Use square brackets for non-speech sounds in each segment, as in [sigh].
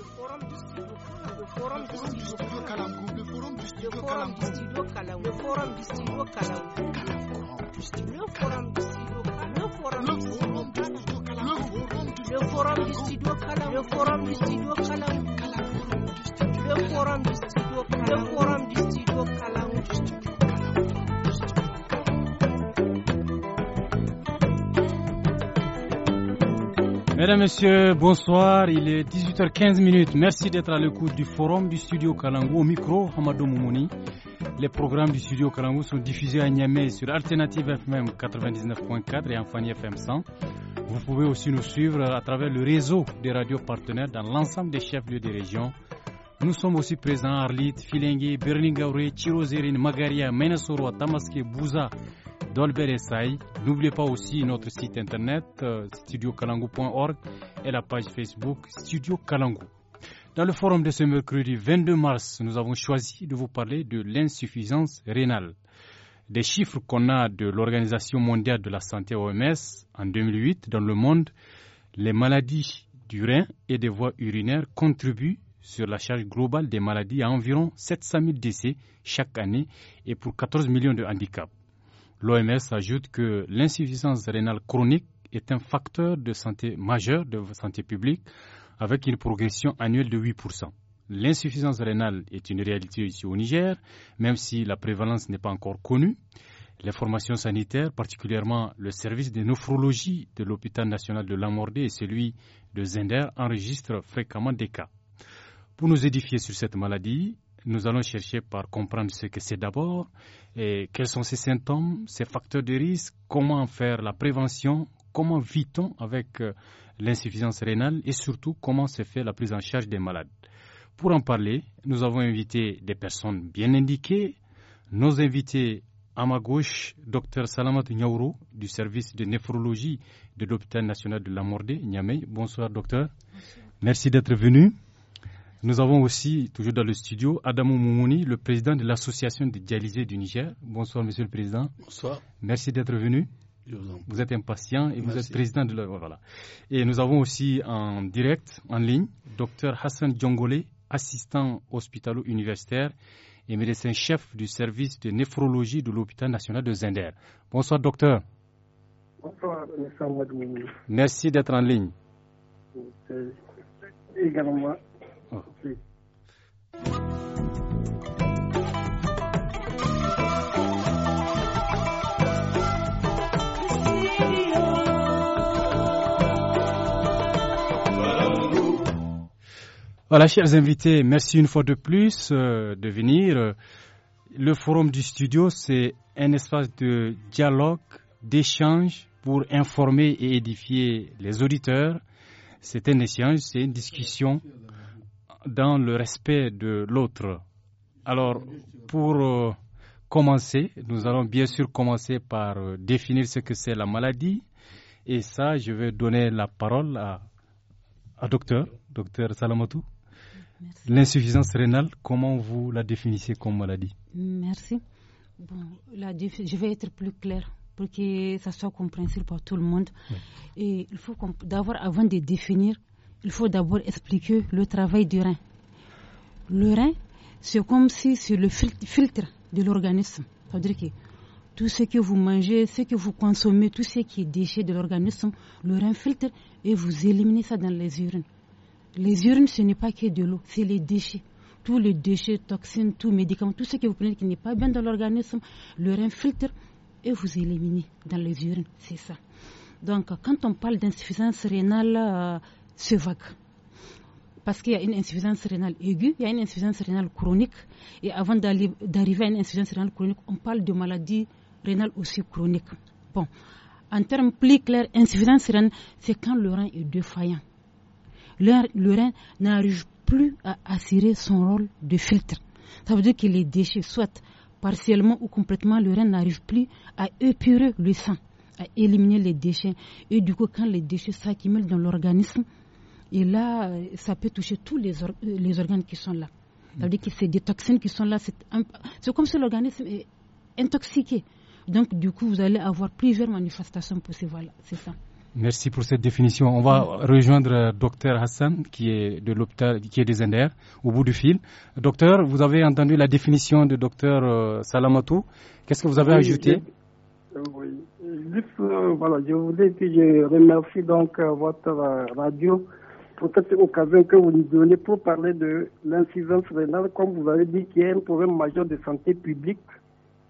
forum Calam, le forum studio le forum distrido le forum studio le forum le forum le forum le forum le forum le forum Mesdames, Messieurs, bonsoir. Il est 18h15 minutes. Merci d'être à l'écoute du forum du studio Kalango Au micro, Hamadou Moumouni. Les programmes du studio Kalango sont diffusés à Niamey sur Alternative FM 99.4 et en FM 100. Vous pouvez aussi nous suivre à travers le réseau des radios partenaires dans l'ensemble des chefs-lieux des régions. Nous sommes aussi présents à Arlit, Filengue, Berlingaoué, Chirozérine, Magaria, Menesoro, Tamaske, Bouza, le Essay. N'oubliez pas aussi notre site internet euh, studiokalangu.org et la page Facebook Studio Kalango. Dans le forum de ce mercredi 22 mars, nous avons choisi de vous parler de l'insuffisance rénale. Des chiffres qu'on a de l'Organisation mondiale de la santé OMS en 2008 dans le monde, les maladies du rein et des voies urinaires contribuent sur la charge globale des maladies à environ 700 000 décès chaque année et pour 14 millions de handicaps. L'OMS ajoute que l'insuffisance rénale chronique est un facteur de santé majeur de santé publique avec une progression annuelle de 8%. L'insuffisance rénale est une réalité ici au Niger, même si la prévalence n'est pas encore connue. Les formations sanitaires, particulièrement le service de nephrologie de l'hôpital national de Lamordé et celui de Zender, enregistrent fréquemment des cas. Pour nous édifier sur cette maladie, nous allons chercher par comprendre ce que c'est d'abord, quels sont ces symptômes, ces facteurs de risque, comment faire la prévention, comment vit-on avec euh, l'insuffisance rénale et surtout comment se fait la prise en charge des malades. Pour en parler, nous avons invité des personnes bien indiquées. Nos invités à ma gauche, Dr Salamat Niaouro du service de néphrologie de l'hôpital national de la Mordée, Niamey. Bonsoir docteur. Merci d'être venu. Nous avons aussi, toujours dans le studio, Adamo Moumouni, le président de l'Association des dialysés du Niger. Bonsoir, monsieur le président. Bonsoir. Merci d'être venu. Vous, vous êtes impatient et vous êtes président de la. Et nous avons aussi en direct, en ligne, docteur Hassan Djongole, assistant hospitalo-universitaire et médecin-chef du service de néphrologie de l'hôpital national de Zender. Bonsoir, docteur. Bonsoir, Merci d'être en ligne. Également voilà, chers invités, merci une fois de plus euh, de venir. Le forum du studio, c'est un espace de dialogue, d'échange pour informer et édifier les auditeurs. C'est un échange, c'est une discussion dans le respect de l'autre. Alors, pour euh, commencer, nous allons bien sûr commencer par euh, définir ce que c'est la maladie. Et ça, je vais donner la parole à, à docteur, docteur Salamatou. L'insuffisance rénale, comment vous la définissez comme maladie Merci. Bon, je vais être plus clair pour que ça soit compréhensible pour tout le monde. Et il faut d'abord, avant de définir, il faut d'abord expliquer le travail du rein. Le rein, c'est comme si c'est le filtre de l'organisme. C'est-à-dire que tout ce que vous mangez, ce que vous consommez, tout ce qui est déchet de l'organisme, le rein filtre et vous éliminez ça dans les urines. Les urines, ce n'est pas que de l'eau, c'est les déchets. Tous les déchets, toxines, tout médicaments, tout ce que vous prenez qui n'est pas bien dans l'organisme, le rein filtre et vous éliminez dans les urines. C'est ça. Donc, quand on parle d'insuffisance rénale, euh, se vague. Parce qu'il y a une insuffisance rénale aiguë, il y a une insuffisance rénale chronique. Et avant d'arriver à une insuffisance rénale chronique, on parle de maladie rénale aussi chronique. Bon, en termes plus clairs, insuffisance rénale, c'est quand le rein est défaillant. Le, le rein n'arrive plus à assurer son rôle de filtre. Ça veut dire que les déchets, soit partiellement ou complètement, le rein n'arrive plus à épurer le sang, à éliminer les déchets. Et du coup, quand les déchets s'accumulent dans l'organisme, et là, euh, ça peut toucher tous les, euh, les organes qui sont là. Ça veut dire que c'est des toxines qui sont là. C'est comme si l'organisme est intoxiqué. Donc, du coup, vous allez avoir plusieurs manifestations possibles. Voilà, c'est ça. Merci pour cette définition. On va mm. rejoindre euh, Docteur Hassan, qui est de l'hôpital, qui est des NDR, au bout du fil. Docteur, vous avez entendu la définition de Docteur Salamatou. Qu'est-ce que vous avez ajouté Oui, juste, voilà, je voulais que je remercie donc votre radio peut-être occasion que vous nous donnez pour parler de l'incidence rénale, comme vous avez dit, qui est un problème majeur de santé publique.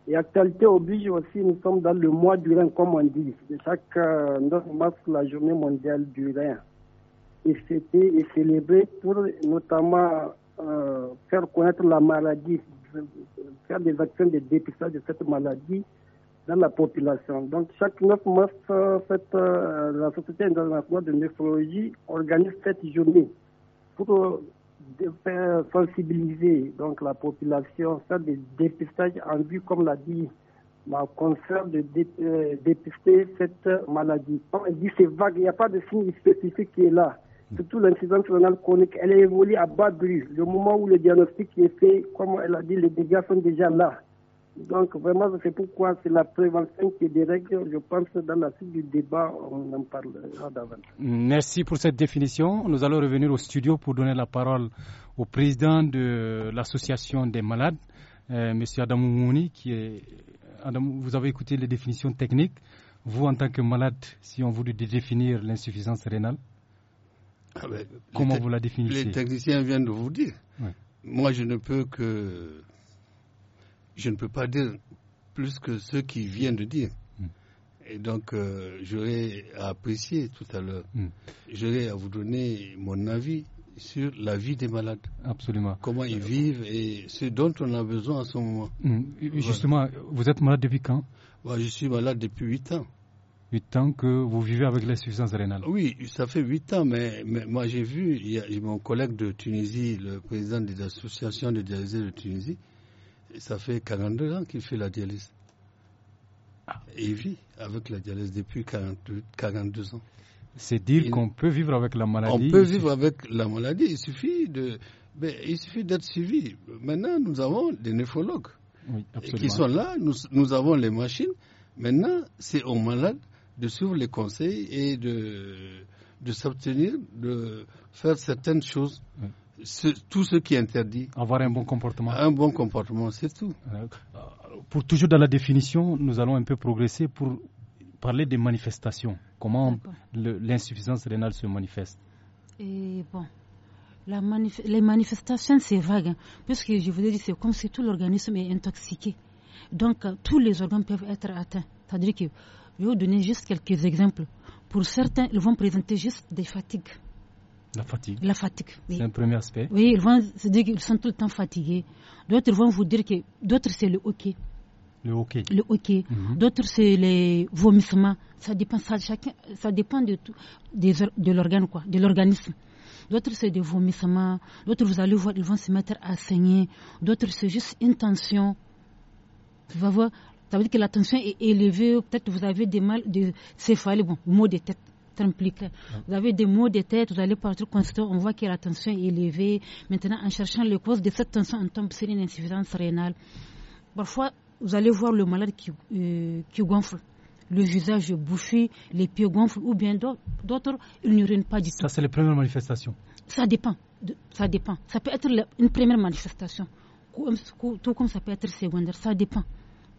Et actualité oblige aussi, nous sommes dans le mois du rein, comme on dit. Chaque 9 mars, la journée mondiale du rein et c'était célébré pour notamment euh, faire connaître la maladie, faire des actions de dépistage de cette maladie dans la population. Donc, chaque 9 mars, euh, la Société internationale de néphrologie organise cette journée pour euh, faire sensibiliser donc, la population, faire des dépistages en vue, comme l'a dit ma concert de euh, dépister cette maladie. elle dit c'est vague, il n'y a pas de signe spécifique qui est là. Surtout l'incidence chronique, elle évolue à bas bruit. Le moment où le diagnostic est fait, comme elle a dit, les dégâts sont déjà là. Donc vraiment, c'est pourquoi c'est la prévention qui est des Je pense que dans la suite du débat, on en parlera davantage. Merci pour cette définition. Nous allons revenir au studio pour donner la parole au président de l'association des malades, euh, M. Adam Mouni, qui vous avez écouté les définitions techniques. Vous, en tant que malade, si on voulait définir l'insuffisance rénale, ah ben, comment vous la définissez Les techniciens viennent de vous dire. Moi, je ne peux que je ne peux pas dire plus que ce qu'il vient de dire. Hmm. Et donc, j'aurai euh, j'aurais à apprécier tout à l'heure. J'aurai hmm. J'aurais à vous donner mon avis sur la vie des malades. Absolument. Comment ils vivent et ce dont on a besoin à ce moment. Hmm. Justement, vous êtes malade depuis quand bah, Je suis malade depuis 8 ans. 8 ans que vous vivez avec l'insuffisance rénale Oui, ça fait 8 ans, mais, moi j'ai vu, il mon collègue de Tunisie, le président des associations de dialyse de Tunisie, ça fait 42 ans qu'il fait la dialyse. Ah. Et il vit avec la dialyse depuis 42, ans. C'est dire qu'on peut vivre avec la maladie. On peut vivre avec la maladie. Il suffit ben, il d'être suivi. Maintenant, nous avons des néphrologues qui sont là. Nous, avons les machines. Maintenant, c'est aux malades de suivre les conseils et de, de de faire certaines choses tout ce qui est interdit. Avoir un bon comportement. Un bon comportement, c'est tout. Euh, pour toujours dans la définition, nous allons un peu progresser pour parler des manifestations. Comment l'insuffisance rénale se manifeste Et bon, les manifestations, c'est vague. parce hein, puisque je vous ai dit, c'est comme si tout l'organisme est intoxiqué. Donc, euh, tous les organes peuvent être atteints. C'est-à-dire que je vais vous donner juste quelques exemples. Pour certains, ils vont présenter juste des fatigues la fatigue. La fatigue. Oui. C'est un premier aspect. Oui, ils vont se dire qu'ils sont tout le temps fatigués. D'autres vont vous dire que d'autres c'est le hockey. Le hockey. Le hockey. Mhm. D'autres c'est les vomissements. Ça dépend, ça, chacun, ça dépend de tout, de l'organe quoi, de l'organisme. D'autres c'est des vomissements. D'autres vous allez voir, ils vont se mettre à saigner. D'autres c'est juste une tension. vas voir, ça veut dire que la tension est élevée. Peut-être vous avez des mal, de céphalées, bon, maux de tête. Vous avez des maux de tête, vous allez partir constater, on voit que la tension est élevée. Maintenant, en cherchant les causes de cette tension, on tombe sur une insuffisance rénale. Parfois, vous allez voir le malade qui, euh, qui gonfle le visage bouffi, les pieds gonflent, ou bien d'autres, ils n'urinent pas du tout. Ça, c'est les premières manifestations Ça dépend. Ça dépend. Ça peut être une première manifestation, tout comme ça peut être secondaire. Ça dépend.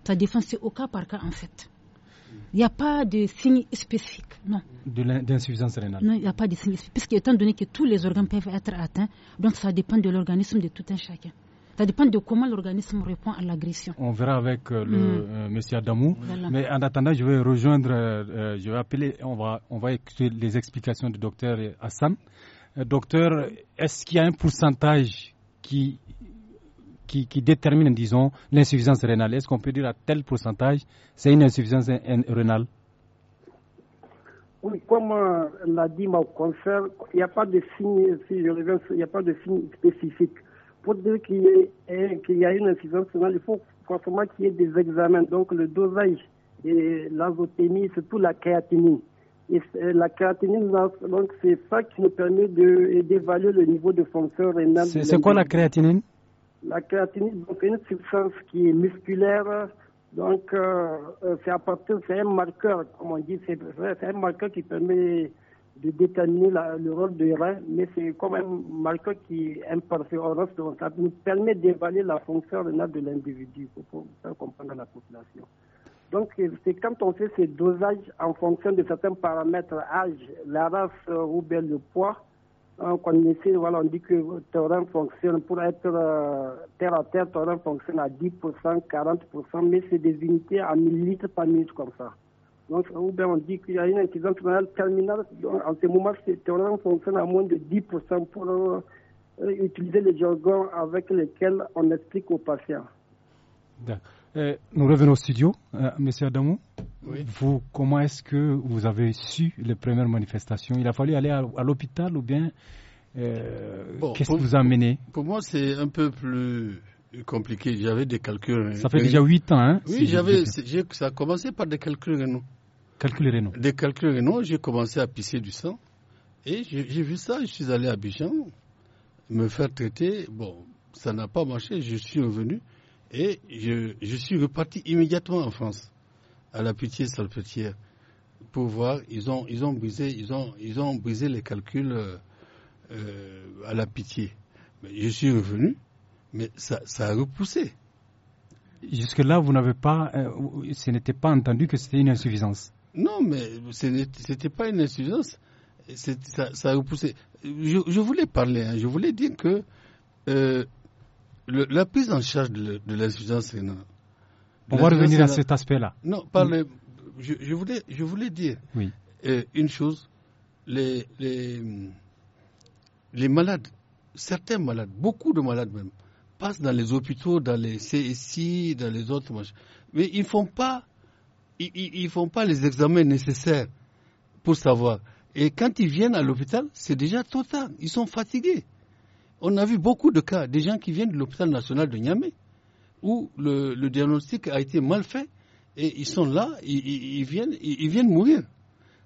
Ça dépend, c'est au cas par cas, en fait. Il n'y a pas de signe spécifique, non. D'insuffisance rénale Non, il n'y a pas de signe spécifique. Puisque, étant donné que tous les organes peuvent être atteints, donc ça dépend de l'organisme de tout un chacun. Ça dépend de comment l'organisme répond à l'agression. On verra avec euh, le hmm. euh, monsieur Adamou. Mais en attendant, je vais rejoindre, euh, je vais appeler, on va, on va écouter les explications du docteur Assam docteur, est-ce qu'il y a un pourcentage qui qui, qui détermine, disons, l'insuffisance rénale. Est-ce qu'on peut dire à tel pourcentage, c'est une insuffisance rénale oui, comme euh, l'a dit ma confrère, il n'y a pas de signe, il a pas de signe spécifique. Pour dire qu'il y, a une insuffisance rénale, il faut forcément qu'il y ait des examens. Donc le dosage, l'azotémie, surtout la créatinine. Et euh, la créatinine, donc c'est ça qui nous permet d'évaluer le niveau de fonction rénale. C'est quoi la créatinine la créatinine, donc une substance qui est musculaire, donc euh, euh, c'est à partir, c'est un marqueur, comme on dit, c'est un marqueur qui permet de déterminer le rôle du rein, mais c'est comme un marqueur qui est imparfait. Donc ça nous permet d'évaluer la fonction rénale de l'individu pour faire comprendre la population. Donc, c'est quand on fait ces dosages en fonction de certains paramètres, âge, la race, euh, ou bien le poids, Hein, on dit que fonctionne, pour être euh, terre à terre, fonctionne à 10%, 40%, mais c'est des unités à 1000 litres par minute comme ça. Donc, on dit qu'il y a une utilisation terminale, en ce moment, théorème fonctionne à moins de 10% pour euh, utiliser les jargons avec lesquels on explique aux patients. D'accord. Euh, nous revenons au studio. Euh, Monsieur Adamou, vous, comment est-ce que vous avez su les premières manifestations Il a fallu aller à, l'hôpital ou bien euh, qu'est-ce qui vous a amené Pour moi, c'est un peu plus compliqué. J'avais des calculs. Hein. Ça fait déjà 8 ans, hein Oui, j'avais, ça a commencé par des calculs rénaux. Calculs rénaux Des calculs rénaux, j'ai commencé à pisser du sang. Et j'ai vu ça, je suis allé à Bijan me faire traiter. Bon, ça n'a pas marché, je suis revenu. Et je, je suis reparti immédiatement en France, à la pitié salpêtrière, pour voir. Ils ont, ils ont, brisé, ils ont, ils ont brisé les calculs euh, euh, à la pitié. je suis revenu, mais ça, ça a repoussé. Jusque-là, vous n'avez pas, euh, ce n'était pas entendu que c'était une insuffisance. Non, mais ce n'était pas une insuffisance. Ça, a repoussé. Je, voulais parler, hein. je voulais dire que la prise en charge de, de l'insuffisance rénale. On va revenir à cet aspect-là. Non, mm. je, voulais, je voulais dire oui. Euh, une chose. Les, les, les malades, certains malades, beaucoup de malades même, passent dans les hôpitaux, dans les CSI, dans les autres Mais ils ne font, pas, ils, font pas les examens nécessaires pour savoir. Et quand ils viennent à l'hôpital, c'est déjà trop tard. Ils sont fatigués. On a vu beaucoup de cas, des gens qui viennent de l'hôpital national de Niamey, où le, diagnostic a été mal fait, et ils sont là, ils, viennent, ils, viennent mourir.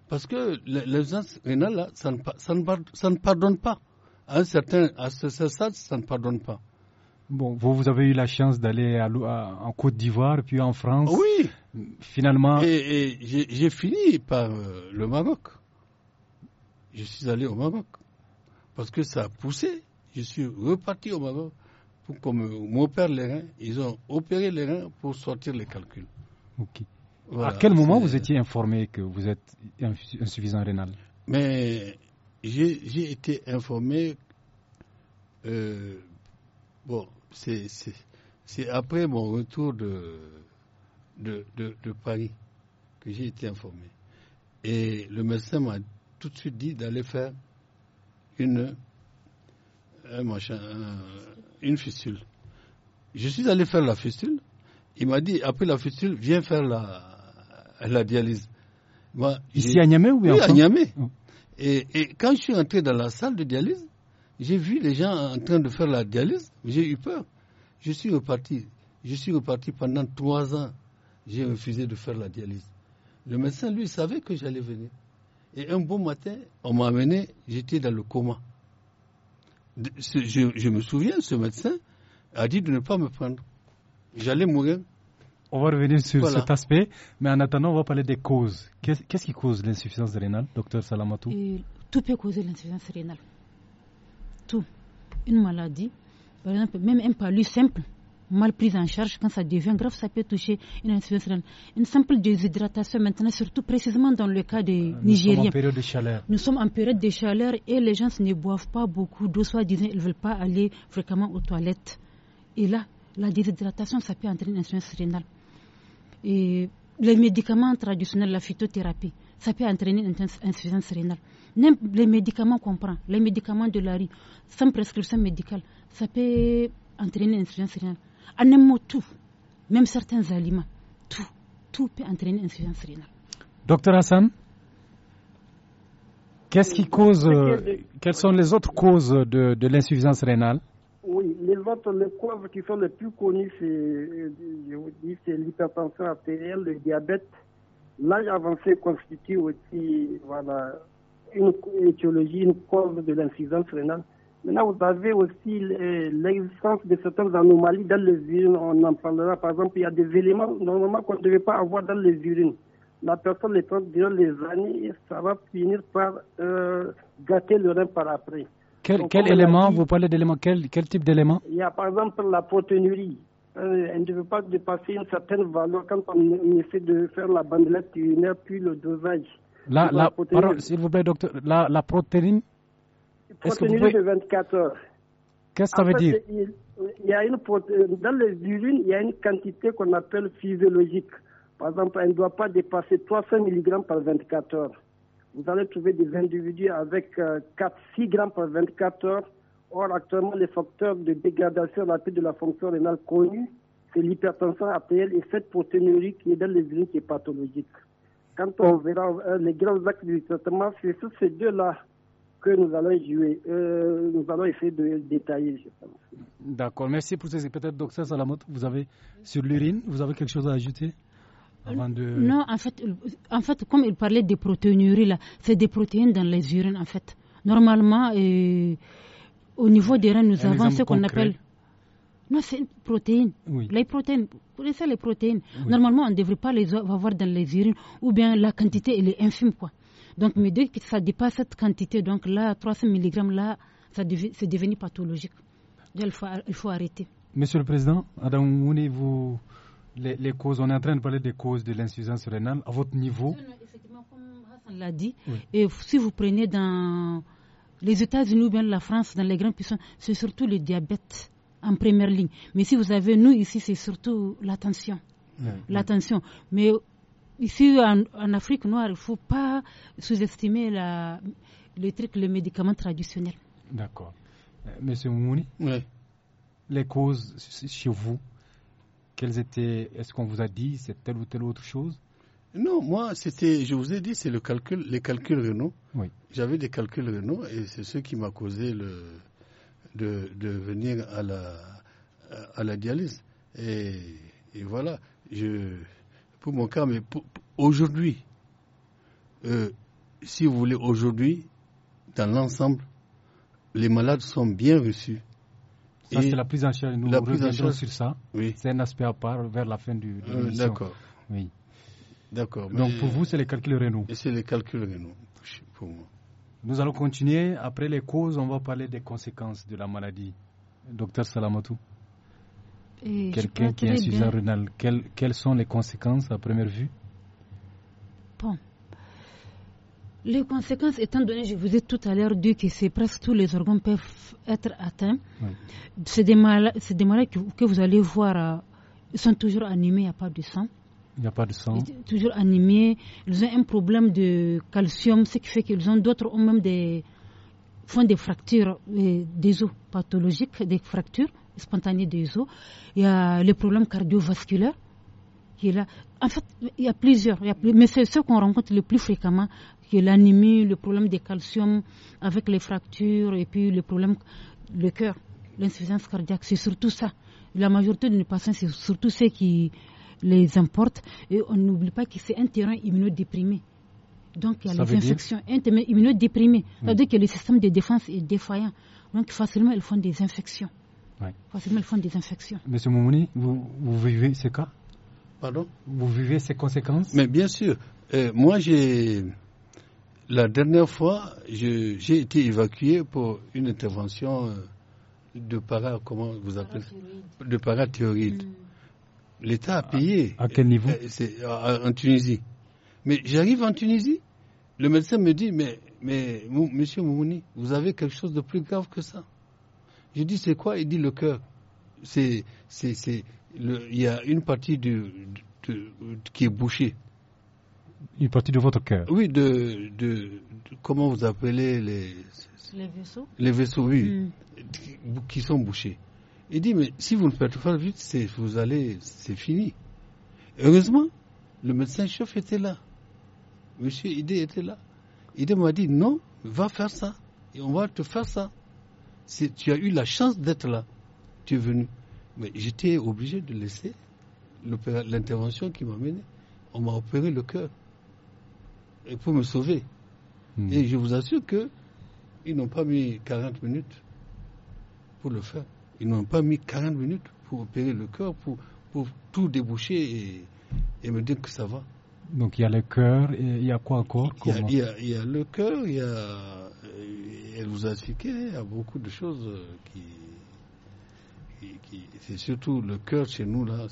Parce que l'absence rénale, là, ça ne, ça, pardonne pas. À, un certain, à ça ne pardonne pas. Bon, vous, avez eu la chance d'aller en Côte d'Ivoire, puis en France. Oui. Finalement. Et, j'ai fini par euh, le Maroc. Je suis allé au Maroc. Parce que ça a poussé. Je suis reparti au Maroc pour qu'on m'opère les reins. Ils ont opéré les reins pour sortir les calculs. Ok. à quel moment vous étiez informé que vous êtes insuffisant rénal Mais j'ai été informé. Euh, bon, c'est après mon retour de, de Paris que j'ai été informé. Et le médecin m'a tout de suite dit d'aller faire une un eh, machin, euh, une fistule. Je suis allé faire la fistule. Il m'a dit, après la fistule, viens faire la, la dialyse. Ici à Niamey ou bien Oui, à Niamey. Ah. Et, et, quand je suis entré dans la salle de dialyse, j'ai vu les gens en train de faire la dialyse. J'ai eu peur. Je suis reparti. Je suis reparti pendant trois ans. J'ai refusé de faire la dialyse. Le médecin, lui, savait que j'allais venir. Et un beau matin, on m'a amené, j'étais dans le coma je, me souviens, ce médecin a dit de ne pas me prendre. J'allais mourir. On va revenir sur cet aspect, mais en attendant, on va parler des causes. Qu'est-ce qui cause l'insuffisance rénale, docteur Salamatou Tout peut causer l'insuffisance rénale. Tout. Une maladie, par exemple, même un palu simple, mal prise en charge, quand ça devient grave, ça peut toucher une insuffisance rénale. Une simple déshydratation maintenant, surtout précisément dans le cas des Nigériens. Euh, nous sommes en période de chaleur. Nous sommes en période de chaleur et les gens ne boivent pas beaucoup d'eau, soit disant ils ne veulent pas aller fréquemment aux toilettes. Et là, la déshydratation, ça peut entraîner une insuffisance rénale. Et les médicaments traditionnels, la phytothérapie, ça peut entraîner une insuffisance rénale. Même les médicaments qu'on prend, les médicaments de la rue, sans prescription médicale, ça peut entraîner une insuffisance rénale. En un mot, tout, même certains aliments, tout, tout peut entraîner une insuffisance rénale. Docteur Hassan, qu'est-ce qui cause, euh, quelles sont les autres causes de, l'insuffisance rénale Oui, les autres les causes qui sont les plus connues, euh, c'est l'hypertension artérielle, le diabète. L'âge avancé constitue aussi voilà, une étiologie, une cause de l'insuffisance rénale. Maintenant, vous avez aussi l'existence de certaines anomalies dans les urines. On en parlera. Par exemple, il y a des éléments normalement qu'on ne devait pas avoir dans les urines. La personne les prend durant les années et ça va finir par euh, gâter le rein par après. Quel, élément Vous parlez d'éléments quel, type d'élément Il y a par exemple la protéinurie. Euh, elle ne devait pas dépasser une certaine valeur quand on essaie de faire la bandelette urinaire puis le dosage. La, la, S'il vous plaît, docteur, la, la protéine est de 24 heures. Qu'est-ce que ça veut dire il, y a une, euh, Dans les urines, il y a une quantité qu'on appelle physiologique. Par exemple, elle ne doit pas dépasser 300 mg par 24 heures. Vous allez trouver des individus avec 4-6 euh, grammes par 24 heures. Or, actuellement, les facteurs de dégradation rapide de la fonction rénale connue, c'est l'hypertension APL et cette protéinurie qui est dans les urines qui est pathologique. Quand on oh. verra euh, les grands actes du traitement, c'est sur ces deux-là que nous allons jouer. Euh, nous allons essayer de détailler, D'accord, merci pour ces Peut-être, docteur Salamot, vous avez, sur l'urine, vous avez quelque chose à ajouter avant de... Non, en fait, en fait, comme il parlait des protéines là, c'est des protéines dans les urines, en fait. Normalement, euh, au niveau des reins, nous avons ce qu'on appelle... Non, c'est une protéine. Oui. Les protéines, vous connaissez les protéines. Normalement, on ne devrait pas les avoir dans les urines, ou bien la quantité, elle est infime, quoi. Donc, mais dès que ça dépasse cette quantité, donc là, 300 mg, là, ça c'est devenu pathologique. il, faut, il faut arrêter. Monsieur le Président, Adam vous, les, causes, on est en train de parler des causes de l'insuffisance rénale à votre niveau. Effectivement, comme l'a dit, et si vous prenez dans les États-Unis ou bien la France, dans les grandes puissances, c'est surtout le diabète en première ligne. Mais si vous avez, nous ici, c'est surtout l'attention. L'attention. Mais Ici, en, Afrique noire, il ne faut pas sous-estimer le truc, le médicament traditionnel. D'accord. Euh, Monsieur Mouni. oui. les causes chez vous, quelles étaient Est-ce qu'on vous a dit c'est telle ou telle autre chose Non, moi, c'était, je vous ai dit, c'est le calcul, les calculs rénaux. Oui. J'avais des calculs rénaux et c'est ce qui m'a causé le, de, de, venir à la, à la dialyse. et voilà, je pour mon cas, mais aujourd'hui, euh, si vous voulez, aujourd'hui, dans l'ensemble, les malades sont bien reçus. Ça, c'est la prise en charge. Nous la sur ça. C'est un aspect à part vers la fin du. Euh, d'accord. Oui. D'accord. Donc, pour vous, c'est les calculs rénaux. C'est les calculs rénaux, pour moi. Nous allons continuer. Après les causes, on va parler des conséquences de la maladie. Docteur Salamatou. Quelqu'un qui a un sujet quelles, quelles, sont les conséquences à première vue Bon. Les conséquences, étant donné, je vous ai tout à l'heure dit que c'est presque tous les organes peuvent être atteints. C'est des malades, que, vous allez voir, euh, ils sont toujours animés, il n'y a pas de sang. Il n'y a pas de sang. sont toujours animés. Ils ont un problème de calcium, ce qui fait qu'ils ont d'autres, ont même des, font des fractures, euh, des os pathologiques, des fractures spontanée des os, il y a les problèmes cardiovasculaires. Qui est là. En fait, il y a plusieurs, mais c'est ce qu'on rencontre le plus fréquemment, qui est l'anémie, le problème des calcium avec les fractures et puis le problème, le cœur, l'insuffisance cardiaque, c'est surtout ça. La majorité de nos patients, c'est surtout ceux qui les importent et on n'oublie pas que c'est un terrain immunodéprimé. Donc, il y a les infections terrain immunodéprimé. cest à hmm. dire que le système de défense est défaillant. Donc, facilement, ils font des infections. Oui. des infections. Monsieur Moumouni, vous, vivez ces cas Pardon Vous vivez ces conséquences Mais bien sûr. Euh, moi, j'ai. La dernière fois, j'ai été évacué pour une intervention euh, de para. Comment vous appelez De hmm. L'État a payé. À, quel niveau euh, En Tunisie. Mais j'arrive en Tunisie, le médecin me dit Mais, mais monsieur Moumouni, vous avez quelque chose de plus grave que ça. Je dis c'est quoi Il dit le cœur. C'est, c'est, c'est, il y a une partie du qui est bouchée. Une partie de votre cœur Oui, de, de, Comment vous appelez les. Les vaisseaux Les vaisseaux, oui. Mm. Qui, sont bouchés. Il dit mais si vous ne faites pas vite, c'est, vous allez. C'est fini. Heureusement, le médecin-chef était là. Monsieur Idé était là. Idé m'a dit non, va faire ça. Et on va te faire ça tu as eu la chance d'être là. Tu es venu. Mais j'étais obligé de laisser l'intervention qui m'a mené. On m'a opéré le cœur. Et pour me sauver. Hmm. Et je vous assure que ils n'ont pas mis 40 minutes pour le faire. Ils n'ont pas mis 40 minutes pour opérer le cœur, pour, tout déboucher et, me dire que ça va. Donc il y a le cœur, il y a quoi encore il y a le cœur, il y a elle vous a expliqué à beaucoup de choses euh, qui. qui, qui c'est surtout le cœur chez nous, là.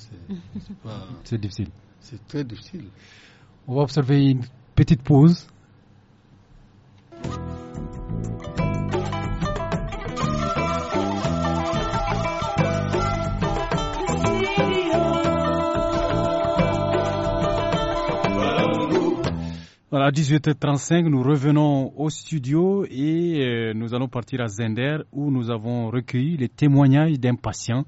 C'est [laughs] difficile. C'est très difficile. On va observer une petite pause à 18h35, nous revenons au studio et euh, nous allons partir à Zender où nous avons recueilli les témoignages d'un patient.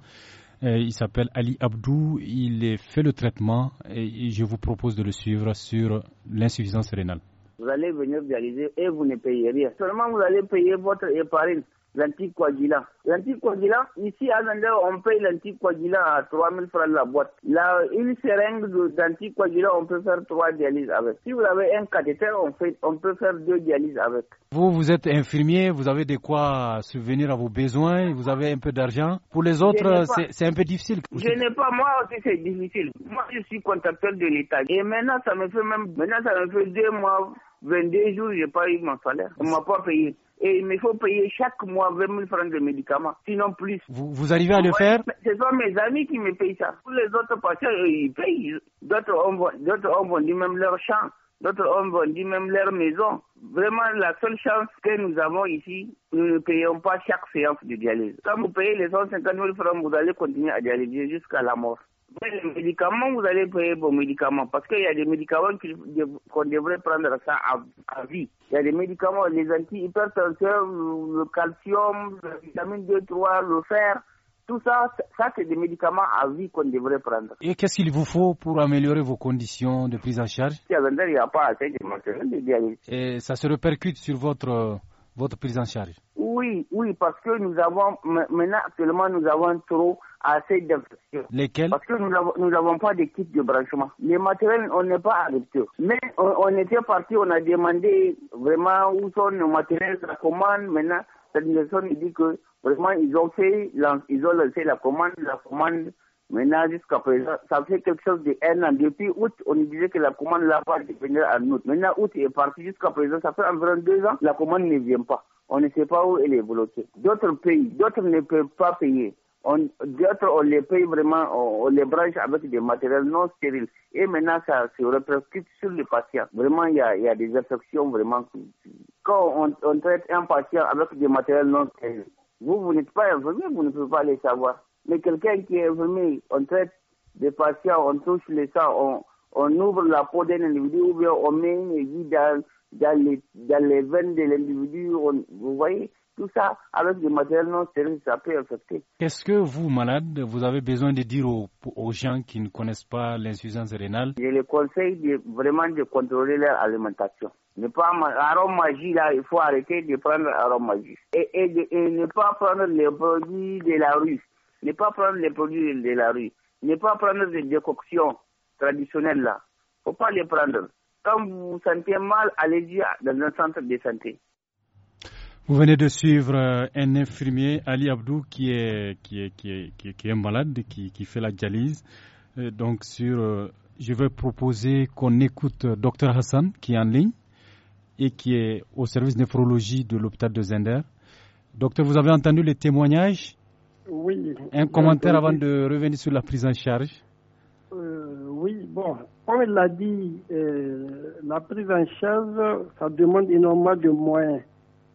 Euh, il s'appelle Ali Abdou, il fait le traitement et je vous propose de le suivre sur l'insuffisance rénale. Vous allez venir réaliser et vous ne payez rien. Seulement vous allez payer votre épargne l'anticoagulant. L'anticoagulant, ici à Zander, on paye l'anticoagulant à 3000 francs la boîte. Là, une seringue d'anticoagulant, on peut faire trois dialyses avec. Si vous avez un cathéter, on, fait, on peut faire deux dialyses avec. Vous, vous êtes infirmier, vous avez de quoi subvenir à vos besoins, vous avez un peu d'argent. Pour les autres, c'est un peu difficile. Je n'ai pas, moi aussi c'est difficile. Moi, je suis contacteur de l'État. Et maintenant, ça me fait même, maintenant, ça me fait deux mois, 22 jours, n'ai pas eu mon salaire. On m'a pas payé et il me faut payer chaque mois 20 000 francs de médicaments, sinon plus. Vous, vous arrivez à le faire Ce sont mes amis qui me payent ça. Tous les autres patients, ils payent. D'autres hommes vendu même leur champ. D'autres ont vendu même leur maison. Vraiment, la seule chance que nous avons ici, nous ne payons pas chaque séance de dialyse. Quand vous payez les 150 000 francs, vous allez continuer à dialyser jusqu'à la mort les médicaments, vous allez payer vos médicaments parce qu'il y a des médicaments qu'on devrait prendre ça à, vie. Il y a des médicaments, les antihypertenseurs, le, calcium, la vitamine D3, le fer. Tout ça, ça c'est des médicaments à vie qu'on devrait prendre. Et qu'est-ce qu'il vous faut pour améliorer vos conditions de prise en charge Il n'y a pas assez de matériel Et ça se répercute sur votre, votre prise en charge Oui, oui, parce que nous avons, maintenant actuellement, nous avons trop à ces Lesquelles Parce que nous n'avons pas d'équipe de branchement. Les matériels, on n'est pas à Mais on, était parti, on a demandé vraiment où sont nos matériels, la commande. Maintenant, cette personne dit que vraiment, ils ont, fait, ils ont lancé la commande, la commande. Maintenant, jusqu'à présent, ça fait quelque chose de un an. Depuis août, on disait que la commande là va venir en août. Maintenant, août est parti jusqu'à présent, ça fait environ deux ans, la commande ne vient pas. On ne sait pas où elle est bloquée. D'autres pays, d'autres ne peuvent pas payer on, d'autres, on les paye vraiment, on, les branche avec des matériels non stériles. Et eh, maintenant, ça se répercute sur les patients. Vraiment, il y a, y a, des infections. vraiment. Quand on, traite un patient avec des matériels non stériles, vous, vous n'êtes pas informé, vous ne pouvez pas les savoir. Mais quelqu'un qui est informé, on traite des patients, on touche les sangs, on, on ouvre la peau d'un individu on met une vie dans, les, dans les veines de l'individu. Vous voyez, tout ça, avec des modèles non sérieux, ça peut affecter. Est-ce que vous, malade, vous avez besoin de dire aux, gens qui ne connaissent pas l'insuffisance rénale Je les conseille de, vraiment de contrôler leur alimentation. Ne pas arôme magie là, il faut arrêter de prendre arôme magie et, ne pas prendre les produits de la rue, ne pas prendre les produits de la rue, ne pas prendre des décoctions traditionnelles là. Faut pas les prendre. Quand vous vous sentez mal, allez-y dans un centre de santé. Vous venez de suivre euh, un infirmier, Ali Abdou, qui est, qui qui qui est, malade, qui, qui, fait la dialyse. Euh, donc, sur, euh, je vais proposer qu'on écoute docteur Hassan, qui est en ligne et qui est au service de néphrologie de l'hôpital de Zender. Docteur, vous avez entendu les témoignages Oui. Un commentaire avant de revenir sur la prise en charge Oui, bon, comme il l'a dit, la prise en charge, ça demande énormément de moyens.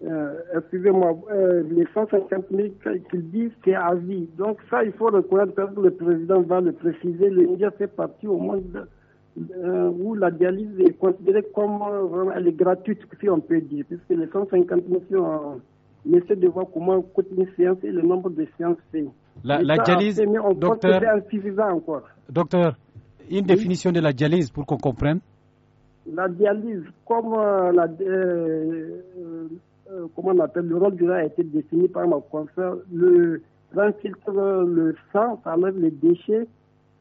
Euh, excusez-moi, euh, les 150 000 qu'ils disent, c'est à vie. Donc ça, il faut reconnaître, que le président va le préciser, média fait partie au monde euh, où la dialyse est considérée comme elle est gratuite, si on peut dire, puisque les 150 000, on, essaie de voir comment coûte une séance et le nombre de séances fait. La, dialyse, docteur, encore. Docteur, une définition de la dialyse pour qu'on comprenne la dialyse, comme la, euh, comment on appelle, le rôle du rat a été défini par ma confrère. Le filtre le sang, ça enlève les déchets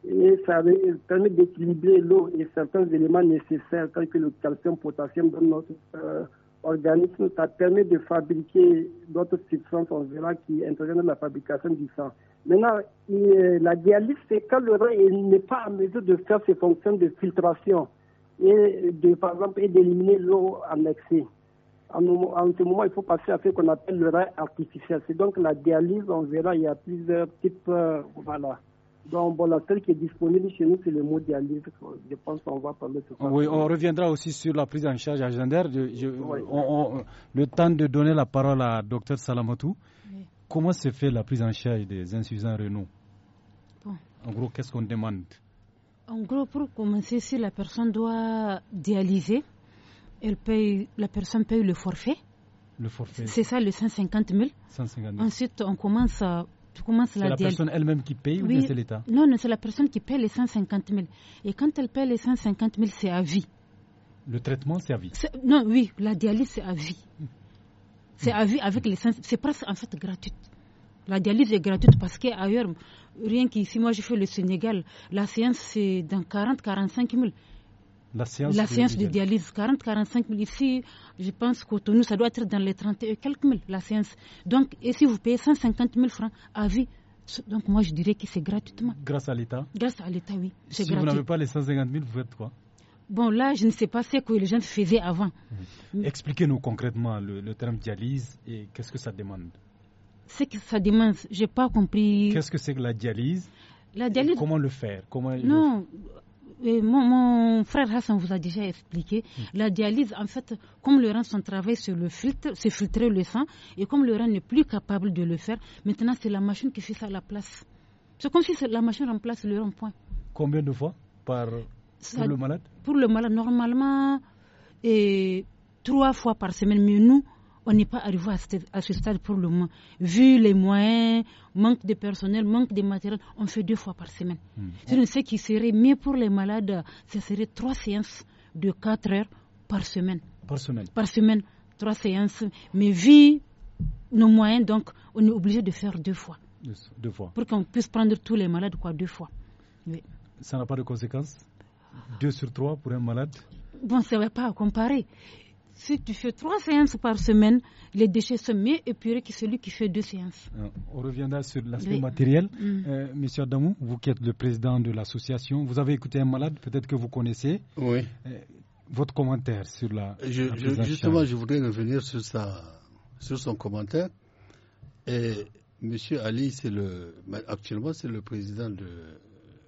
et ça permet d'équilibrer l'eau et certains éléments nécessaires, tels que le calcium, potassium dans notre euh, organisme. Ça permet de fabriquer d'autres substances, on verra, qui interviennent dans la fabrication du sang. Maintenant, la dialyse, c'est quand le rat n'est pas en mesure de faire ses fonctions de filtration et de, par exemple, d'éliminer l'eau en excès en ce moment, il faut passer à ce qu'on appelle le rein artificiel. C'est donc la dialyse, on verra, il y a plusieurs types. Euh, voilà. Donc, bon, la seule qui est disponible chez nous, c'est le mot dialyse. Je pense qu'on va parler de ça. Oui, on reviendra aussi sur la prise en charge agendaire. le temps de donner la parole à Dr Salamatou. Comment se fait la prise en charge des insuffisants rénaux En gros, qu'est-ce qu'on demande En gros, pour commencer, si la personne doit dialyser, elle paye, la personne paye le forfait. Le forfait. C'est ça, le 150 000. Ensuite, on commence à c'est la, personne elle-même qui paye oui, ou c'est l'État Non, non c'est la personne qui paye les 150 000. Et quand elle paye les 150 000, c'est à vie. Le traitement, c'est à vie Non, oui, la dialyse, c'est à vie. C'est à vie avec les 150 C'est presque en fait gratuite. La dialyse est gratuite parce qu'ailleurs, rien qu'ici, moi je fais le Sénégal, la séance c'est dans 40-45 000. La science de, dialyse, 40-45 000. Ici, je pense que nous ça doit être dans les 30 et quelques mille, la science. Donc, et si vous payez 150 000 francs à vie, donc moi je dirais que c'est gratuitement. Grâce à l'État Grâce à l'État, oui. Si vous n'avez pas les 150 000, vous faites quoi Bon, là, je ne sais pas ce que les gens faisaient avant. Expliquez-nous concrètement le, terme dialyse et qu'est-ce que ça demande. Ce que ça demande, je n'ai pas compris. Qu'est-ce que c'est que la dialyse la Comment le faire Comment Non, mon, frère Hassan vous a déjà expliqué, mm. la dialyse, en fait, comme le rein, son travail, c'est le filtre, c'est filtrer le sang, et comme le rein n'est plus capable de le faire, maintenant c'est la machine qui fait ça à la place. C'est comme si la machine remplace le rein, point. Combien de fois par, pour le malade Pour le malade, normalement, et trois fois par semaine, mais nous, on n'est pas arrivé à ce, stade pour le moment. Vu les moyens, manque de personnel, manque de matériel, on fait deux fois par semaine. Hmm. Ce qui serait mieux pour les malades, ce serait trois séances de quatre heures par semaine. Par semaine. Par semaine, trois séances. Mais vu nos moyens, donc, on est obligé de faire deux fois. deux fois. Pour qu'on puisse prendre tous les malades, quoi, deux fois. Ça n'a pas de conséquences Deux sur trois pour un malade Bon, ça ne va pas comparer. Si tu fais trois séances par semaine, les déchets sont mieux épurés que celui qui fait deux séances. Euh, on reviendra sur l'aspect matériel. Mm. Euh, monsieur Adamou, vous qui êtes le président de l'association, vous avez écouté un malade, peut-être que vous connaissez. Oui. Euh, votre commentaire sur la. justement, je voudrais revenir sur, sur son commentaire. Et monsieur Ali, c'est le, actuellement, c'est le président de.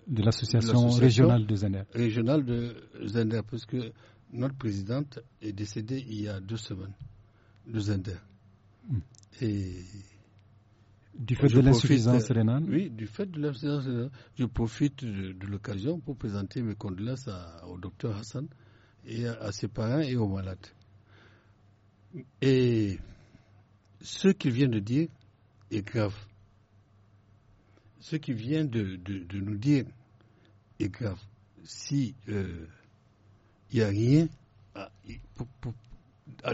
De l'association régionale de Zener. Régionale de Zender, parce que notre présidente est décédée il y a deux semaines, deux ans. Hmm. Et du fait de l'insuffisance rénale euh, Oui, du fait de l'insuffisance rénale. Euh, je profite de, l'occasion pour présenter mes condoléances au docteur Hassan et à, ses parents et aux malades. Et ce qu'il vient de dire est grave. Ce qu'il vient de, nous dire est grave. Si euh, il n'y a rien.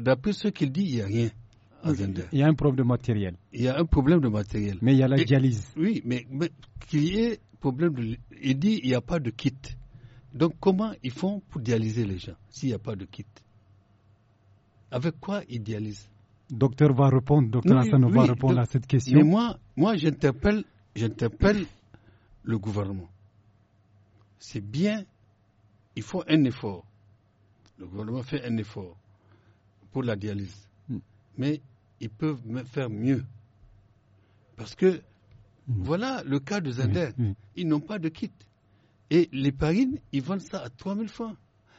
d'après ce qu'il dit, il n'y a rien. il y a un problème de matériel. Il y a un problème de matériel. Mais il y a la dialyse. Oui, mais, qu'il y ait problème de. Il dit qu'il n'y a pas de kit. Donc comment ils font pour dialyser les gens s'il n'y a pas de kit Avec quoi ils dialysent Docteur va répondre, docteur oui, va répondre à cette question. Mais moi, moi j'interpelle le gouvernement. C'est bien, il faut un effort. Le gouvernement fait un effort pour la dialyse, hmm. mais ils peuvent faire mieux. Parce que hmm. voilà le cas de Zender. Ils n'ont pas de kit. Et les parines, ils vendent ça à 3000 francs.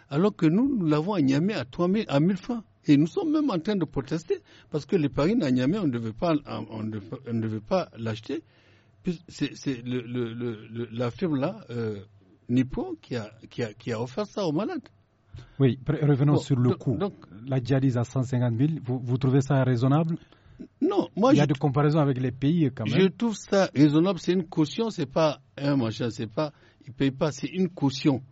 Alors que nous, nous l'avons à Niamey à 3000, à 1000 francs. Et nous sommes même en train de protester parce que les parines à Niamey, on ne devait pas, on ne pas l'acheter. C'est le, la firme là, euh, Nippon, qui, a, qui a offert ça aux malades. Oui, revenons sur le coût. la dialyse à 150 000, vous, trouvez ça raisonnable Non, moi Il y a des comparaisons avec les pays quand même. Je trouve ça raisonnable, c'est une caution, c'est pas un machin, c'est pas. Il paye pas, c'est une caution.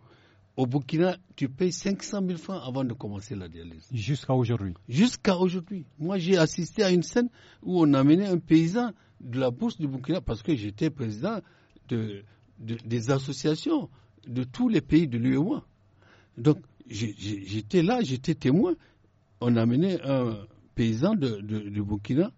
Au Burkina, tu payes 500 000 francs avant de commencer la dialyse. Jusqu'à aujourd'hui. Jusqu'à aujourd'hui. Moi, j'ai assisté à une scène où on amenait un paysan de la bourse du Burkina parce que j'étais président de, des associations de tous les pays de l'UE. Donc, j'étais là, j'étais témoin. On a amenait un paysan de, Burkina,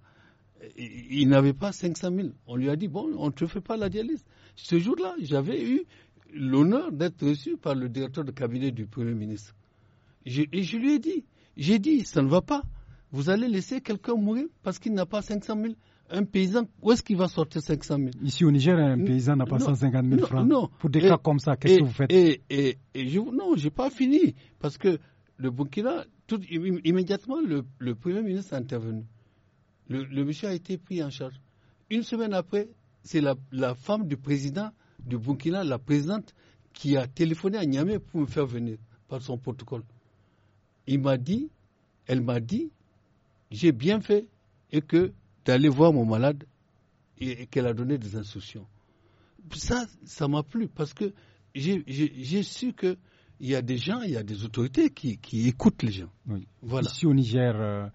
il n'avait pas 500 000. On lui a dit, bon, on ne te fait pas la dialyse. Ce jour-là, j'avais eu l'honneur d'être reçu par le directeur de cabinet du Premier ministre. et je lui ai dit, j'ai dit, ça ne va pas. Vous allez laisser quelqu'un mourir parce qu'il n'a pas 500 000 un paysan, où est-ce qu'il va sortir 500 000 Ici au Niger, un paysan n'a pas 150 000 francs. Pour des cas comme ça, qu'est-ce que vous faites Non, je n'ai pas fini. Parce que le Burkina, immédiatement, le, Premier ministre a intervenu. Le, monsieur a été pris en charge. Une semaine après, c'est la, femme du président du Burkina, la présidente, qui a téléphoné à Niamey pour me faire venir par son protocole. Il m'a dit, elle m'a dit, j'ai bien fait et que d'aller voir mon malade et, qu'elle a donné des instructions. Ça, ça m'a plu parce que j'ai su que il y a des gens, il y a des autorités qui, écoutent les gens. Ici au Niger, euh,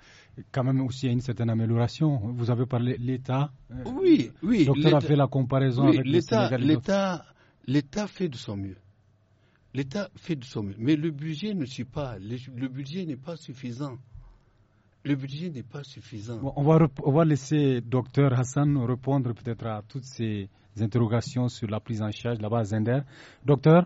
quand même aussi, il y a une certaine amélioration. Vous avez parlé de l'État. Euh, oui, oui. Le docteur a fait la comparaison avec l'État. L'État, l'État fait de son mieux. L'État fait de son mieux. Mais le budget ne suit pas. le budget n'est pas suffisant. Le budget n'est pas suffisant. on, va on laisser docteur Hassan répondre peut-être à toutes ces interrogations sur la prise en charge là-bas à Zender. Docteur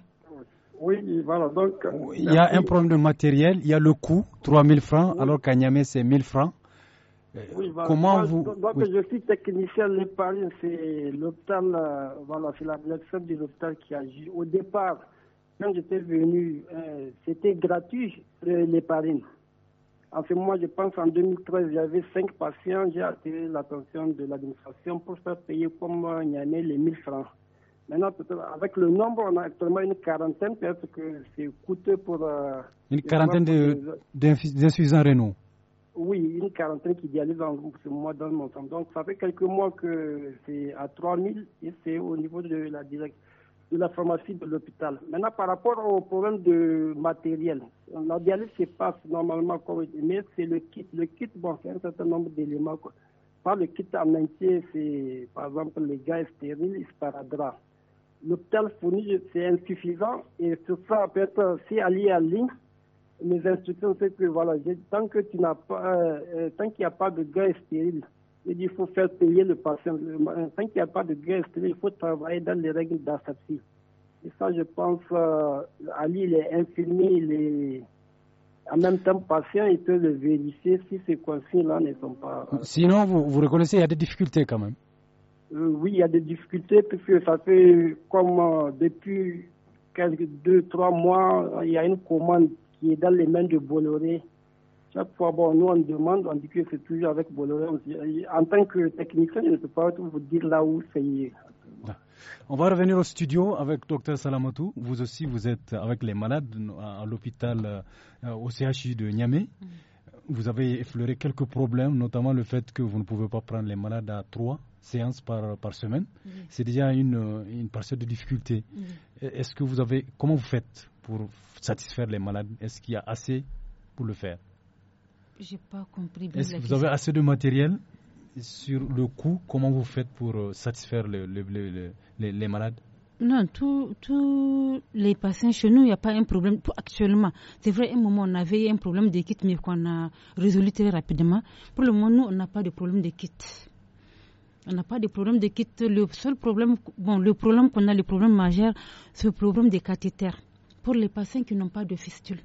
oui, voilà. Donc, euh, il y a un problème de matériel, il y a le coût, 3 000 francs, alors qu'à Niamey, c'est 1 000 francs. Euh, oui, Comment vous. Donc, je suis technicien l'épargne, c'est l'hôpital, euh, voilà, c'est la direction de l'hôpital qui agit. Au départ, quand j'étais venu, c'était gratuit, l'épargne. En ce moment, je pense en 2013, j'avais cinq patients. J'ai attiré l'attention de l'administration pour faire payer comme année les 1000 francs. Maintenant, avec le nombre, on a actuellement une quarantaine. Peut-être que c'est coûteux pour. Euh, une quarantaine d'insuffisants rénaux Oui, une quarantaine qui dialyse en groupe, c'est moi dans mon temps. Donc, ça fait quelques mois que c'est à 3000 et c'est au niveau de la direction de la pharmacie de l'hôpital. Maintenant, par rapport au problème de matériel, la dialyse se passe normalement, mais c'est le kit. Le kit, bon, c'est un certain nombre d'éléments. Par le kit en entier, c'est par exemple les gaz stériles, il se L'hôpital fourni, c'est insuffisant et tout ça peut être, si allié à ligne, mes instructions, c'est que voilà, tant que tu n'as pas, euh, euh, tant qu'il n'y a pas de gaz stériles, il faut faire payer le patient. Tant qu'il n'y a pas de geste il faut travailler dans les règles d'asepsie. Et ça, je pense, euh, Ali, il est infirmier, il est en même temps patient, il peut le vérifier si ces consignes-là ne sont pas. Euh, Sinon, vous, vous reconnaissez qu'il y a des difficultés quand même. Euh, oui, il y a des difficultés, Parce que ça fait comme depuis quelques deux, trois mois, il y a une commande qui est dans les mains de Bolloré chaque fois, bon, nous, on demande, on dit que c'est toujours avec Bolloré. En tant que technicien, je ne peux pas vous dire là où c'est. On va revenir au studio avec Dr Salamatou. Vous aussi, vous êtes avec les malades à l'hôpital euh, au CHU de Niamey. Mm. Vous avez effleuré quelques problèmes, notamment le fait que vous ne pouvez pas prendre les malades à trois séances par, semaine. C'est déjà une, partie de difficulté. E-, est-ce que vous avez, comment vous faites pour satisfaire les malades Est-ce qu'il y a assez pour le faire j'ai pas compris. Est-ce que vous avez assez de matériel sur le coût Comment vous faites pour euh, satisfaire les, malades non, tous les patients chez nous, il n'y a pas un problème actuellement. C'est vrai, un moment, on avait un problème de kit, mais qu'on a résolu très rapidement. Pour le moment, nous, on n'a pas de problème de kit. On n'a pas de problème de kit. Le seul problème, bon, le problème qu'on a, le problème majeur, c'est le problème des cathéters. Pour les patients qui n'ont pas de fistule.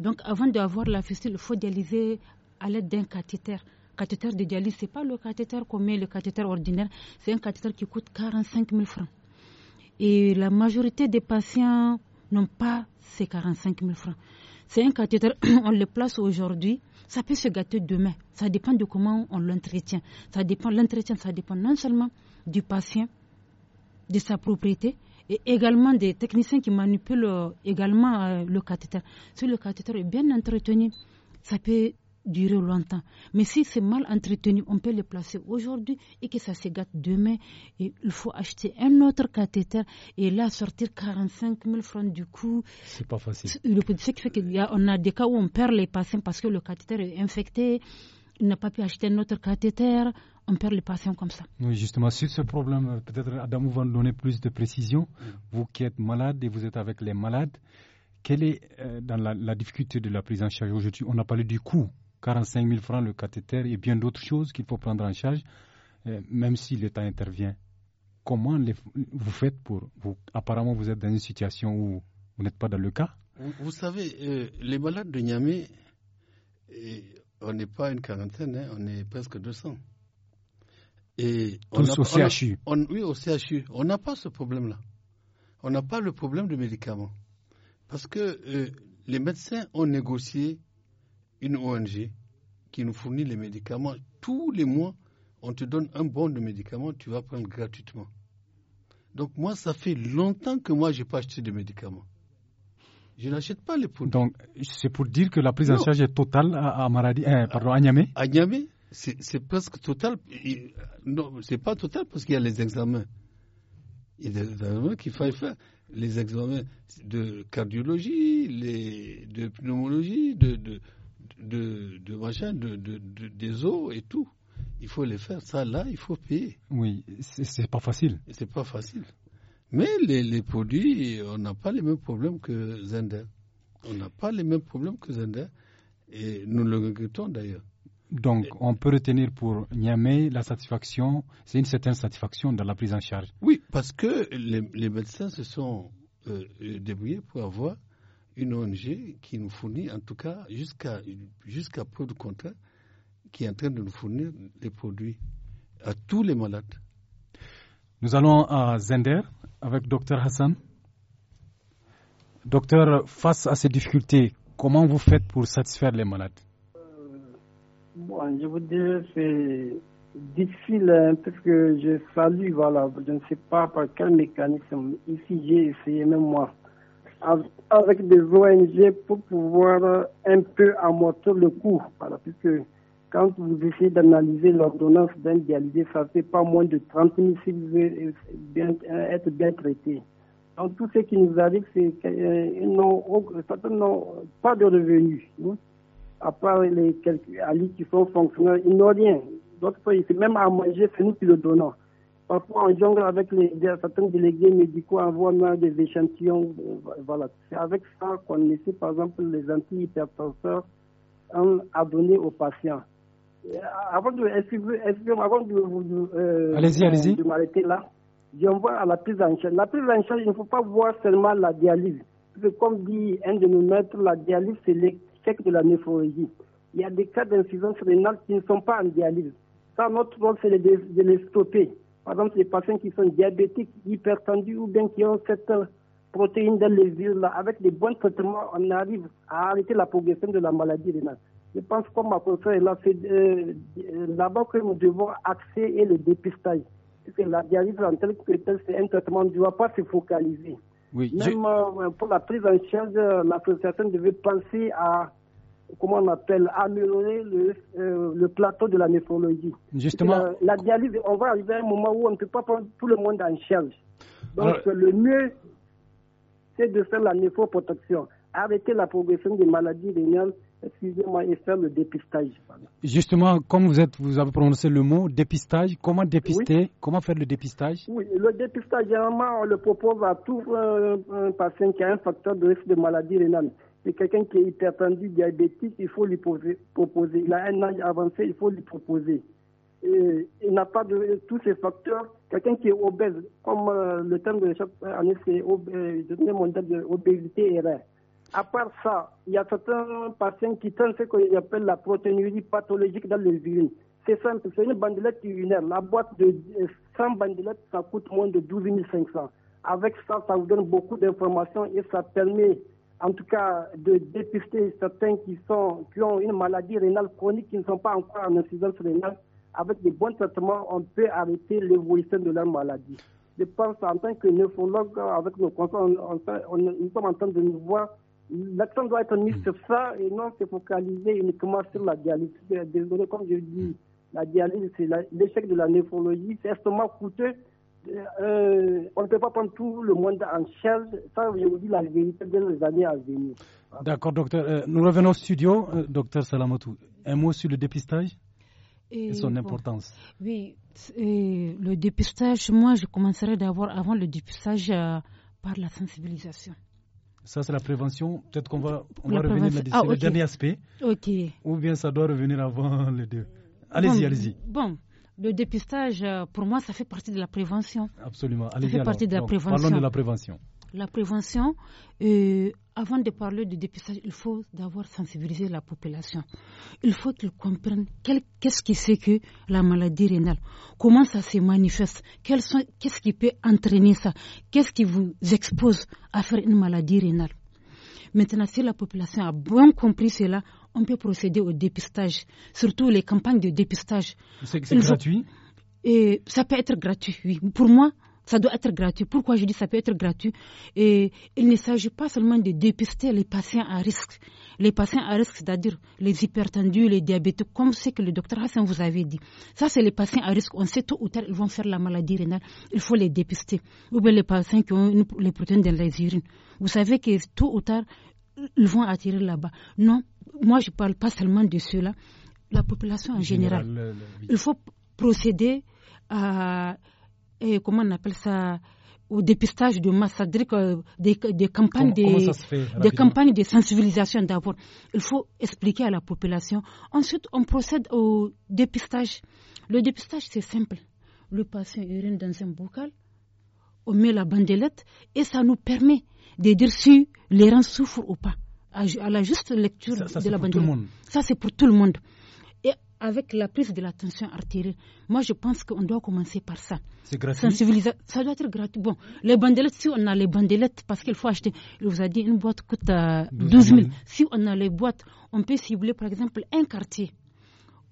Donc avant d'avoir la fistule, il faut dialyser à l'aide d'un cathéter. Cathéter de dialyse, ce n'est pas le cathéter qu'on met, le cathéter ordinaire, c'est un cathéter qui coûte 45 000 francs. Et la majorité des patients n'ont pas ces 45 000 francs. C'est un cathéter, [clears throat] on le place aujourd'hui, ça peut se gâter demain. Ça dépend de comment on l'entretient. Ça dépend l'entretien, ça dépend non seulement du patient, de sa propriété, et également des techniciens qui manipulent euh, également euh, le cathéter. Si le cathéter est bien entretenu, ça peut durer longtemps. Mais si c'est mal entretenu, on peut le placer aujourd'hui et que ça se gâte demain. Et il faut acheter un autre cathéter et là sortir 45 000 francs du coup. C'est pas facile. Ce qui fait qu'on a, a des cas où on perd les patients parce que le cathéter est infecté. Il n'a pas pu acheter un autre cathéter on perd les patients comme ça. Oui, justement, sur ce problème, euh, peut-être Adam, vous va donner plus de précision mm. Vous qui êtes malade et vous êtes avec les malades, quelle est euh, dans la, difficulté de la prise en charge aujourd'hui On a parlé du coût, 45 000 francs le cathéter et bien d'autres choses qu'il faut prendre en charge, euh, même si l'État intervient. Comment vous faites pour... Vous, apparemment, vous êtes dans une situation où vous n'êtes pas dans le cas. Vous, savez, les malades de Niamey, on n'est pas une quarantaine, hein, on est presque 200 on au CHU. oui, au CHU. On n'a pas ce problème-là. On n'a pas le problème de médicaments. Parce que euh, les médecins ont négocié une ONG qui nous fournit les médicaments. Tous les mois, on te donne un bon de médicaments, tu vas prendre gratuitement. Donc moi, ça fait longtemps que moi, je n'ai pas acheté de médicaments. Je n'achète pas les produits. Donc, c'est pour dire que la prise en charge est totale à, Maradi, euh, pardon, c'est presque total. Non, c'est pas total parce qu'il y a les examens. Il y a des examens qu'il faut faire. Les examens de cardiologie, les, de pneumologie, de, de, de, machin, de, de, des os et tout. Il faut les faire. Ça, là, il faut payer. Oui, c'est pas facile. C'est pas facile. Mais les, les produits, on n'a pas les mêmes problèmes que Zender. On n'a pas les mêmes problèmes que Zender. Et nous le regrettons d'ailleurs. Donc, on peut retenir pour Niamey la satisfaction, c'est une certaine satisfaction dans la prise en charge. Oui, parce que les, médecins se sont euh, débrouillés pour avoir une ONG qui nous fournit, en tout cas jusqu'à jusqu'à peu de contrat, qui est en train de nous fournir les produits à tous les malades. Nous allons à Zender avec Dr Hassan. Docteur, face à ces difficultés, comment vous faites pour satisfaire les malades je vous dis c'est difficile hein, parce que je salue, voilà, je ne sais pas par quel mécanisme. Ici, j'ai essayé même moi avec des ONG pour pouvoir un peu amortir le coût. Parce que quand vous essayez d'analyser l'ordonnance d'un ça fait pas moins de 30 000 si vous voulez euh, être bien traité. Donc tout ce qui nous arrive, c'est qu'ils euh, euh, n'ont pas de revenus. Hein à part les alliés qui sont fonctionnels, ils n'ont rien. D'autres fois, même à manger, c'est nous qui le donnons. Parfois, on jongle avec certains délégués médicaux, envoie des échantillons. Voilà. C'est avec ça qu'on essaie, par exemple, les antihypertenseurs à donner aux patients. Euh, avant de, avant de, euh, y de m'arrêter là, j'envoie à la prise en charge. La prise en charge, il ne faut pas voir seulement la dialyse. comme dit un de nos maîtres, la dialyse, c'est de la néphrologie. Il y a des cas d'insuffisance rénale qui ne sont pas en dialyse. Ça, notre rôle, c'est de les stopper. Par exemple, les patients qui sont diabétiques, hypertendus ou bien qui ont cette euh, protéine dans les là, avec des bons traitements, on arrive à arrêter la progression de la maladie rénale. Je pense qu'on ma est là, c'est là-bas que nous devons axer et le dépistage. Parce que la dialyse en tel que c'est un traitement, on ne doit pas se focaliser. Même euh, pour la prise en charge, euh, l'association devait penser à comment on appelle, améliorer le, euh, le, plateau de la néphrologie. Justement. La, dialyse, on va arriver à un moment où on ne peut pas prendre tout le monde en charge. Donc, le mieux, c'est de faire la néphroprotection, arrêter la progression des maladies rénales excusez-moi, et faire le dépistage. Justement, comme vous, êtes, vous avez prononcé le mot dépistage, comment dépister Comment faire le dépistage Oui, le dépistage, généralement, on le propose à tout euh, un patient qui a un facteur de risque de maladie rénale. C'est quelqu'un qui est hypertendu, diabétique, il faut lui proposer. Il a un âge avancé, il faut lui proposer. il n'a pas de tous ces facteurs. Quelqu'un qui est obèse, comme euh, le terme de chaque année, c'est de obésité et rare. À part ça, il y a certains patients qui tentent ce qu'on appelle la protéinurie pathologique dans les urines. C'est simple, c'est une bandelette urinaire. La boîte de 100 bandelettes, ça coûte moins de 12 500. Avec ça, ça vous donne beaucoup d'informations et ça permet, en tout cas, de dépister certains qui, ont une maladie rénale chronique, qui ne sont pas encore en insuffisance rénale. Avec des bons traitements, on peut arrêter l'évolution de la maladie. Je pense en tant que néphrologue, avec nos conseils, on, nous sommes en train de nous voir L'accent doit être mis sur ça et non se focaliser uniquement sur la dialyse. Désolé, comme je dis, la dialyse, c'est l'échec de la néphrologie, c'est extrêmement coûteux. Euh, euh, on ne peut pas prendre tout le monde en charge. Ça, je vous dis la vérité dans les années à venir. D'accord, docteur. Euh, nous revenons au studio. docteur Salamotou, un mot sur le dépistage et, son importance. oui, le dépistage, moi, je commencerai d'abord avant le dépistage par la sensibilisation. Ça, c'est la prévention. Peut-être qu'on va, on va revenir là-dessus. Ah, le dernier aspect. OK. Ou bien ça doit revenir avant les deux. Allez-y, allez-y. Bon. Le dépistage, euh, pour moi, ça fait partie de la prévention. Absolument. Allez-y. fait alors. partie de la Parlons de la prévention la prévention, euh, avant de parler du dépistage, il faut d'abord sensibiliser la population. Il faut qu'ils comprennent qu'est-ce qui que c'est que la maladie rénale, comment ça se manifeste, qu'est-ce qui peut entraîner ça, qu'est-ce qui vous expose à faire une maladie rénale. Maintenant, si la population a bien compris cela, on peut procéder au dépistage, surtout les campagnes de dépistage. C'est gratuit Et ça peut être gratuit, oui. Pour moi, ça doit être gratuit. Pourquoi je dis ça peut être gratuit Et il ne s'agit pas seulement de dépister les patients à risque. Les patients à risque, c'est-à-dire les hypertendus, les diabétiques, comme ce que le docteur Hassan vous avait dit. Ça, c'est les patients à risque. On sait tôt ou tard, ils vont faire la maladie rénale. Il faut les dépister. Ou bien les patients qui ont les protéines dans les urines. Vous savez que tôt ou tard, ils vont attirer là-bas. Non, moi, je ne parle pas seulement de cela. La population en général. Il faut procéder à et comment on appelle ça, au dépistage de masse, des, des, campagnes, de sensibilisation d'abord. Il faut expliquer à la population. Ensuite, on procède au dépistage. Le dépistage, c'est simple. Le patient urine dans un bocal, on met la bandelette et ça nous permet de dire si les reins souffrent ou pas, à, la juste lecture de la bandelette. Ça, c'est pour tout le monde avec la prise de la tension artérielle. Moi, je pense qu'on doit commencer par ça. C'est gratuit. Ça doit être gratuit. Bon, les bandelettes, si on a les bandelettes, parce qu'il faut acheter, il vous a dit une boîte coûte 12 euh, 000. Si on a les boîtes, on peut cibler par exemple un quartier.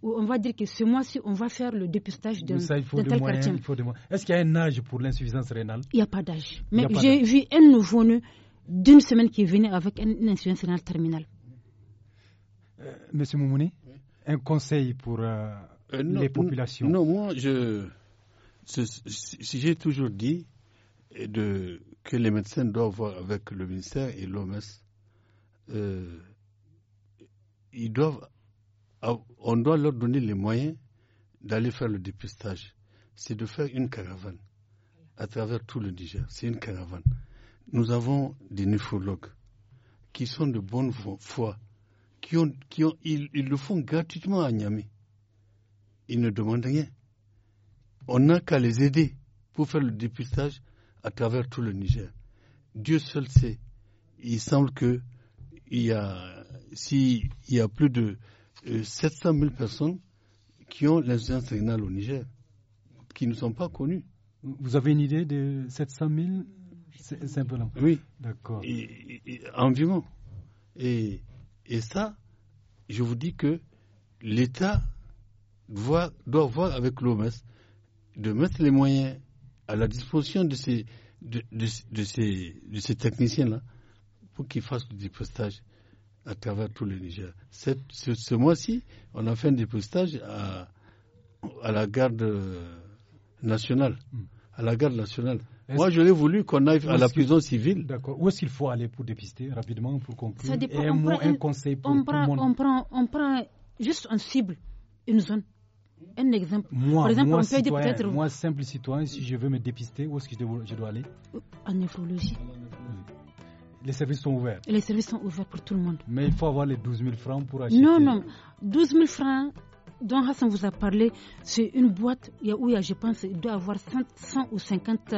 Où on va dire que ce mois-ci, on va faire le dépistage d'un tel moyens, quartier. Est-ce qu'il y a un âge pour l'insuffisance rénale Il n'y a pas d'âge. Mais j'ai vu un nouveau-né d'une semaine qui venait avec une insuffisance rénale terminale. Euh, Monsieur Moumouni un conseil pour euh, euh, les populations Non, moi, je, si j'ai toujours dit de, que les médecins doivent voir avec le ministère et l'OMS, euh, ils doivent, on doit leur donner les moyens d'aller faire le dépistage. C'est de faire une caravane à travers tout le Niger. C'est une caravane. Nous avons des néphrologues qui sont de bonne foi qui ont, qui ont, ils, le font gratuitement à Niamey. Ils ne demandent rien. On n'a qu'à les aider pour faire le dépistage à travers tout le Niger. Dieu seul sait. Il semble que il y a, il y a plus de 700 euh, 000 personnes qui ont l'insuffisance rénale au Niger, qui ne sont pas connues. Vous avez une idée de 700 000 C'est un peu long. Oui. D'accord. Environ. et, et ça, je vous dis que l'État doit, voir avec l'OMS de mettre les moyens à la disposition de ces, techniciens-là pour qu'ils fassent le dépistage à travers tout le Niger. ce, mois-ci, on a fait un dépostage à la garde nationale. Hmm. À la garde nationale. Moi, je l'ai voulu qu'on aille à la prison civile. D'accord. Où est-ce qu'il faut aller pour dépister rapidement, pour conclure Ça dépend. Et un on prend, conseil on prend, On prend, juste une cible, une zone. Un exemple. Moi, simple citoyen, si je veux me dépister, où est-ce que je dois, aller En néphrologie. Les services sont ouverts. Les services sont ouverts pour tout le monde. Mais il faut avoir les 12 000 francs pour acheter. Non, non. 12 000 francs dont Hassan vous a parlé, c'est une boîte où il y a, je pense, il doit avoir 100, ou 50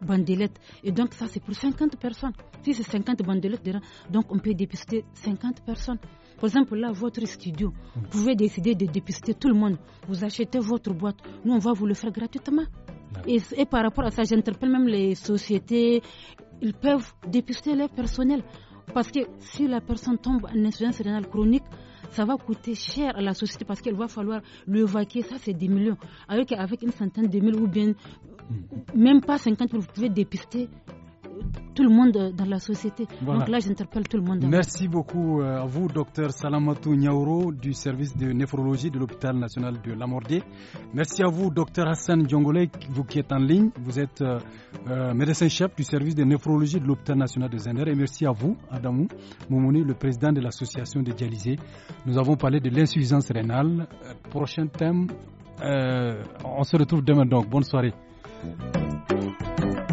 bandelettes. Et donc, ça, c'est pour 50 personnes. Si c'est 50 bandelettes, donc on peut dépister 50 personnes. Par exemple, là, votre studio, vous pouvez décider de dépister tout le monde. Vous achetez votre boîte. Nous, on va vous le faire gratuitement. Et, et par rapport à ça, j'interpelle même les sociétés. Ils peuvent dépister leur personnel. Parce que si la personne tombe en insuffisance rénale chronique, ça va coûter cher à la société parce qu'il va falloir le vaquer, ça c'est des millions. avec qu'avec une centaine de millions ou bien même pas 50, vous pouvez dépister euh, tout le monde dans la société. Donc là, j'interpelle tout le monde. Merci beaucoup euh, à vous, docteur Salamatou Niaouro, du service de néphrologie de l'hôpital national de Lamordé. Merci à vous, docteur Hassan Djongole, vous qui êtes en ligne. Vous êtes euh, médecin-chef du service de néphrologie de l'hôpital national de Zender. Et merci à vous, Adamou Moumouni, le président de l'association des dialysés. Nous avons parlé de l'insuffisance rénale. Prochain thème, on se retrouve demain donc. Bonne soirée. うん。